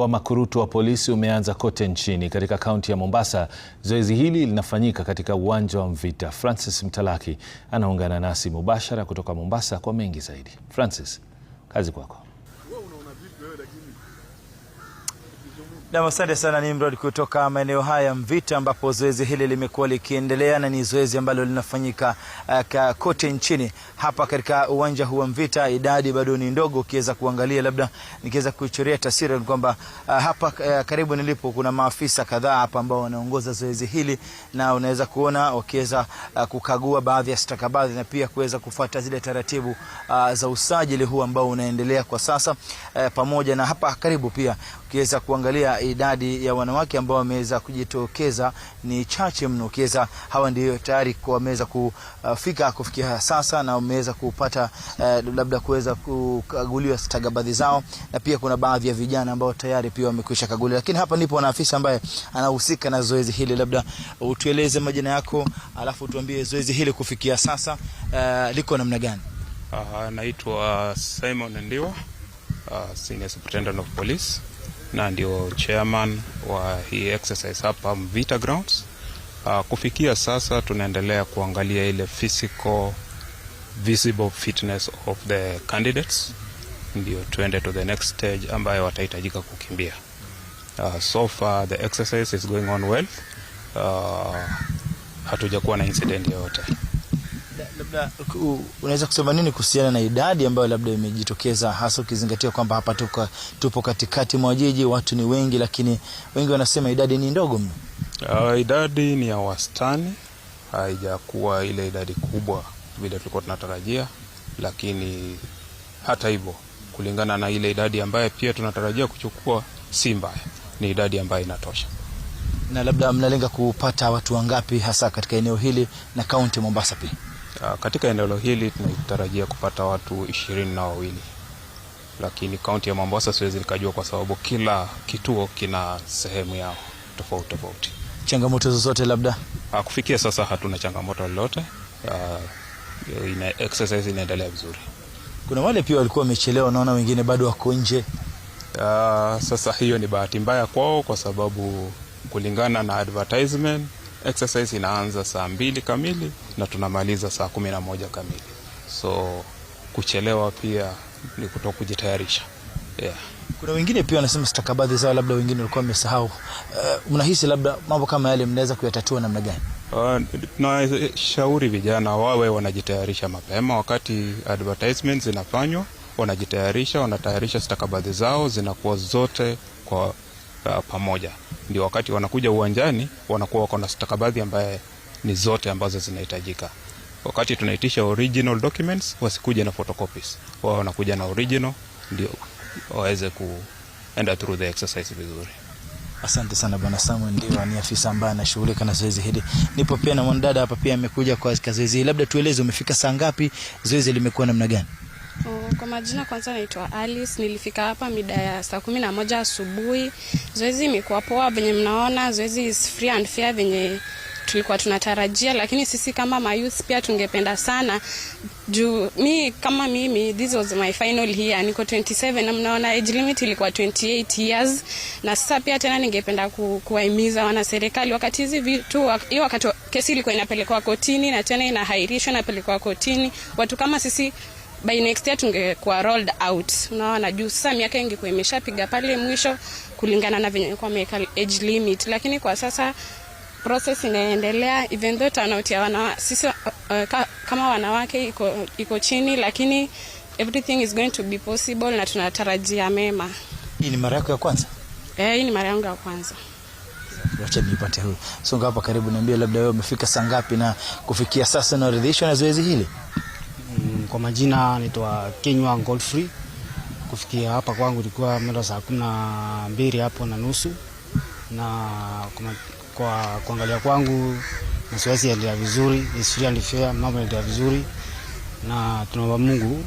wa makurutu wa polisi umeanza kote nchini katika kaunti ya Mombasa. Zoezi hili linafanyika katika uwanja wa Mvita. Francis Mtalaki anaungana nasi mubashara kutoka Mombasa kwa mengi zaidi. Francis, kazi kwako. Nam, asante sana Nimrod, kutoka maeneo haya ya Mvita ambapo zoezi hili limekuwa likiendelea na ni zoezi ambalo linafanyika uh, kote nchini. Hapa katika uwanja huu wa Mvita idadi bado ni ndogo, ukiweza kuangalia, labda nikiweza kuichorea taswira ni kwamba uh, hapa uh, karibu nilipo kuna maafisa kadhaa hapa ambao wanaongoza zoezi hili, na unaweza kuona wakiweza uh, kukagua baadhi ya stakabadhi na pia kuweza kufuata zile taratibu uh, za usajili huu ambao unaendelea kwa sasa uh, pamoja na hapa karibu pia ukiweza kuangalia idadi ya wanawake ambao wameweza kujitokeza ni chache mno. Ukiweza hawa ndio tayari wameweza kufika kufikia sasa na wameweza kupata uh, labda kuweza kukaguliwa stakabadhi zao, na pia kuna baadhi ya vijana ambao tayari pia wamekwisha kaguliwa. Lakini hapa ndipo na afisa ambaye anahusika na zoezi hili, labda utueleze majina yako, alafu tuambie zoezi hili kufikia sasa uh, liko namna gani? Naitwa Simon Ndiwa, uh, ah, Senior Superintendent of Police na ndio chairman wa hii exercise hapa Mvita Grounds. Uh, kufikia sasa tunaendelea kuangalia ile physical visible fitness of the candidates ndio tuende to the next stage ambayo watahitajika kukimbia. Uh, so far the exercise is going on well. Uh, hatujakuwa na incident yoyote labda unaweza kusema nini kuhusiana na idadi ambayo labda imejitokeza hasa ukizingatia kwamba hapa tuka, tupo katikati mwa jiji, watu ni wengi, lakini wengi wanasema idadi ni ndogo mno. Uh, idadi ni ya wastani, haijakuwa ile idadi kubwa vile tulikuwa tunatarajia, lakini hata hivyo, kulingana na ile idadi ambayo pia tunatarajia kuchukua, si mbaya, ni idadi ambayo inatosha na labda mnalenga kupata watu wangapi hasa katika eneo hili na kaunti Mombasa pia? Ah, katika eneo hili tunatarajia kupata watu ishirini na wawili, lakini kaunti ya Mombasa siwezi nikajua kwa sababu kila kituo kina sehemu yao tofauti tofauti. Changamoto zozote labda? Ah, kufikia sasa hatuna changamoto lolote. Ah, ina exercise inaendelea vizuri. Kuna wale pia walikuwa wamechelewa, naona wengine bado wako nje. Sasa hiyo ni bahati mbaya kwao, kwa sababu kulingana na advertisement Exercise inaanza saa mbili kamili na tunamaliza saa kumi na moja kamili, so kuchelewa pia ni kuto kujitayarisha yeah. Kuna wengine pia wanasema stakabadhi zao labda wengine walikuwa wamesahau. Uh, unahisi labda mambo kama yale mnaweza kuyatatua namna gani? Uh, nashauri vijana wawe wanajitayarisha mapema wakati advertisement zinafanywa, wanajitayarisha, wanatayarisha stakabadhi zao zinakuwa zote kwa uh, pamoja ndio wakati wanakuja uwanjani wanakuwa wako na stakabadhi ambaye ni zote ambazo zinahitajika. Wakati tunaitisha original documents, wasikuje na photocopies, wao wanakuja na original ndio waweze kuenda through the exercise vizuri. Asante sana Bwana Samuel ndio ni afisa ambaye anashughulika na zoezi hili. Nipo pia na mwanadada hapa, pia amekuja kwa zoezi hili. Labda tueleze, umefika saa ngapi? Zoezi limekuwa namna gani? Oh, kwa majina kwanza naitwa Alice. Nilifika hapa mida ya saa kumi na moja asubuhi. Zoezi imekuwa poa venye mnaona, zoezi is free and fair venye tulikuwa tunatarajia, lakini sisi kama mayouth pia tungependa sana juu mi kama mimi this was my final year, niko 27 na mnaona age limit ilikuwa 28 years. Na sasa pia tena ningependa ku, kuwahimiza wana serikali wakati hizi vitu hiyo, wakati kesi ilikuwa inapelekwa kotini na tena inahairishwa inapelekwa kotini, watu kama sisi by next year tungekuwa rolled out. Unaona, juu sasa miaka ingekuwa imeshapiga pale mwisho kulingana na venye kwa meka age limit, lakini kwa sasa process inaendelea even though turnout ya wana sisi uh, uh, ka, kama wanawake iko, iko chini, lakini everything is going to be possible na tunatarajia mema. Hii ni mara yako ya kwanza? Eh, hii ni mara yangu ya kwanza. Wacha nipate huyo Songa hapa karibu, niambie labda wewe umefika saa ngapi na kufikia sasa unaridhishwa na zoezi hili? Kwa majina naitwa Kenywa Godfrey. Kufikia hapa kwangu ilikuwa mwendo saa kumi na mbili hapo na nusu, na kwa kuangalia kwangu mazoezi yaliendelea vizuri, ni fair, mambo yaliendelea vizuri, na tunaomba Mungu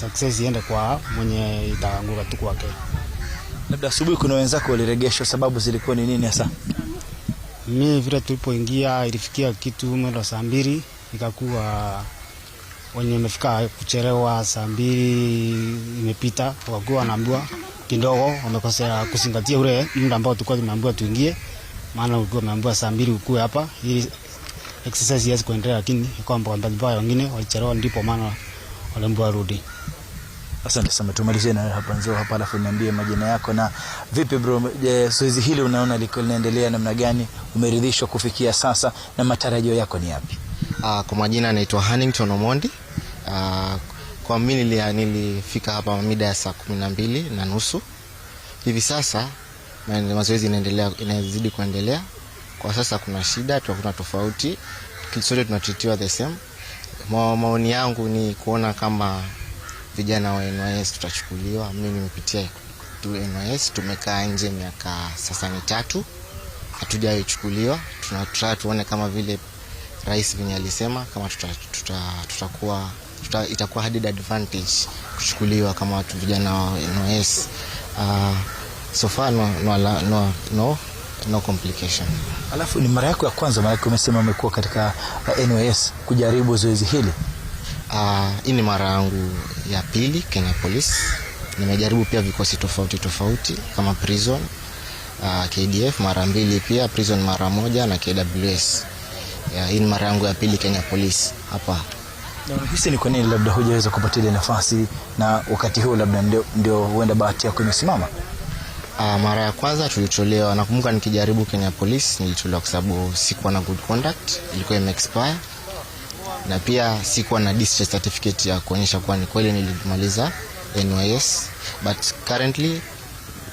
success iende kwa mwenye itaanguka tu kwake. Labda asubuhi kuna wenzako waliregeshwa, sababu zilikuwa ni nini hasa? Mimi vile tulipoingia ilifikia kitu mwendo saa mbili ikakuwa wenye wamefika kuchelewa saa mbili imepita, wakuwa wanaambiwa kidogo wamekosea kuzingatia ule muda ambao tulikuwa tumeambiwa tuingie, maana ulikuwa umeambiwa saa mbili ukue hapa ili exercise iweze kuendelea, lakini kwamba wambalimbaya wengine walichelewa, ndipo maana waliambiwa rudi. Asante sana, tumalizie na hapa nzo hapa, alafu niambie majina yako na vipi bro. Je, zoezi hili unaona liko linaendelea namna gani? Umeridhishwa kufikia sasa na matarajio yako ni yapi? Uh, kwa majina anaitwa Hannington Omondi. Ah, kwa mimi nilifika hapa mida ya saa kumi na mbili na nusu hivi sasa, mazoezi inaendelea, inazidi kuendelea. Kwa sasa kuna shida, tuakuna tofauti, sote tunatitiwa the same. Maoni yangu ni kuona kama vijana wa NYS tutachukuliwa. mi nimepitia tu NYS, tumekaa nje miaka sasa mitatu hatujachukuliwa. Tunataka tuone kama vile rais venye alisema kama tutakuwa tuta, tuta tuta, itakuwa hadi advantage kuchukuliwa kama watu vijana wa NOS. Uh, ah, so far no, no, no, no, no complication. Alafu ni mara yako ya kwanza, maana umesema umekuwa katika eh, NOS kujaribu zoezi hili? Uh, hii ni mara yangu ya pili Kenya Police. Nimejaribu pia vikosi tofauti tofauti kama prison uh, ah, KDF mara mbili, pia prison mara moja na KWS. Hii ni mara yangu ya pili Kenya Police hapa na unahisi ni kwa nini labda hujaweza kupata ile nafasi na wakati huo labda ndio huenda bahati yako imesimama? Uh, mara ya kwanza tulitolewa, nakumbuka nikijaribu Kenya Police nilitolewa kwa sababu sikuwa na good conduct, ilikuwa ime expire na pia sikuwa na discharge certificate ya kuonyesha kuwa ni kweli nilimaliza NYS, but currently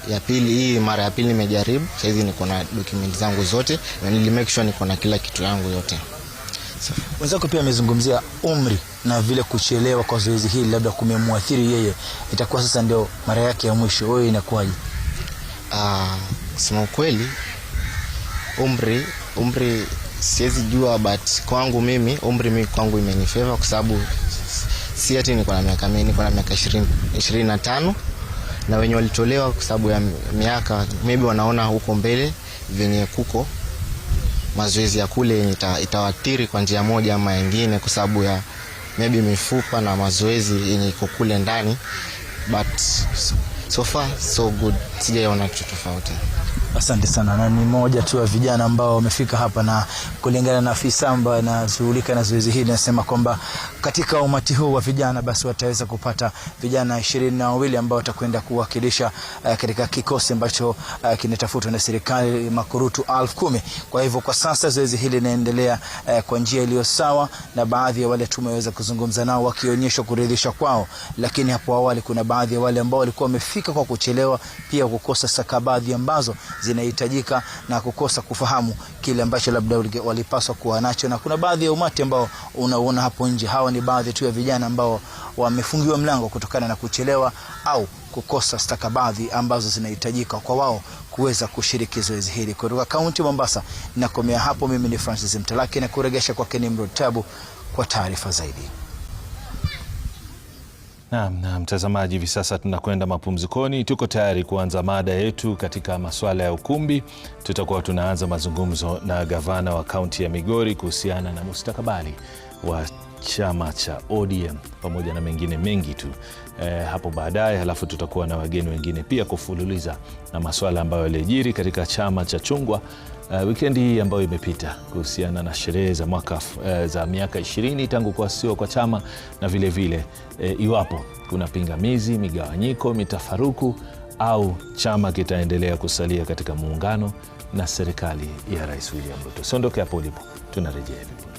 ya pili hii mara ya pili nimejaribu, sahizi niko na document zangu zote na nilimake sure niko na kila kitu yangu yote. Mwenzako pia amezungumzia umri na vile kuchelewa kwa zoezi hili labda kumemwathiri yeye, itakuwa sasa ndio mara yake ya mwisho. Wewe inakuwaje? Ah, kusema ukweli, umri umri siwezi jua, but kwangu mimi umri mimi kwangu imenifeva kwa sababu si ati niko na miaka mingi, niko na miaka 20 25 na wenye walitolewa kwa sababu ya miaka maybe wanaona huko mbele venye kuko mazoezi ya kule ita, itawathiri kwa njia moja ama nyingine, kwa sababu ya maybe mifupa na mazoezi yenye iko kule ndani, but so far so good, sijaona kitu tofauti. Asante sana, na ni moja tu ya vijana ambao wamefika hapa, na kulingana na afisa ambaye anashughulika na zoezi hili anasema kwamba katika umati huu wa vijana basi wataweza kupata vijana ishirini na wawili ambao watakwenda kuwakilisha uh, katika kikosi ambacho uh, kinatafutwa na serikali makurutu elfu kumi. Kwa hivyo kwa sasa zoezi hili linaendelea uh, kwa njia iliyo sawa, na baadhi ya wale tumeweza kuzungumza nao wakionyesha kuridhishwa kwao, lakini hapo awali kuna baadhi ya wale ambao walikuwa wamefika kwa kuchelewa, pia kukosa stakabadhi ambazo zinahitajika na kukosa kufahamu kile ambacho labda walipaswa kuwa nacho, na kuna baadhi ya umati ambao unauona hapo nje. Hawa ni baadhi tu ya vijana ambao wamefungiwa mlango kutokana na kuchelewa au kukosa stakabadhi ambazo zinahitajika kwa wao kuweza kushiriki zoezi hili. Kutoka kaunti Mombasa, nakomea hapo. Mimi ni Francis Mtalaki na kuregesha kwake Nimrod Tabu kwa taarifa zaidi. Naam, na mtazamaji, hivi sasa tunakwenda mapumzikoni. Tuko tayari kuanza mada yetu katika masuala ya ukumbi. Tutakuwa tunaanza mazungumzo na gavana wa kaunti ya Migori kuhusiana na mustakabali wa chama cha ODM pamoja na mengine mengi tu eh, hapo baadaye, halafu tutakuwa na wageni wengine pia kufululiza na masuala ambayo yalijiri katika chama cha chungwa uh, wikendi hii ambayo imepita kuhusiana na sherehe za mwaka uh, za miaka ishirini tangu kuasiwa kwa chama na vilevile vile, eh, iwapo kuna pingamizi, migawanyiko, mitafaruku au chama kitaendelea kusalia katika muungano na serikali ya Rais William Ruto. Siondoke hapo ulipo, tunarejea hivi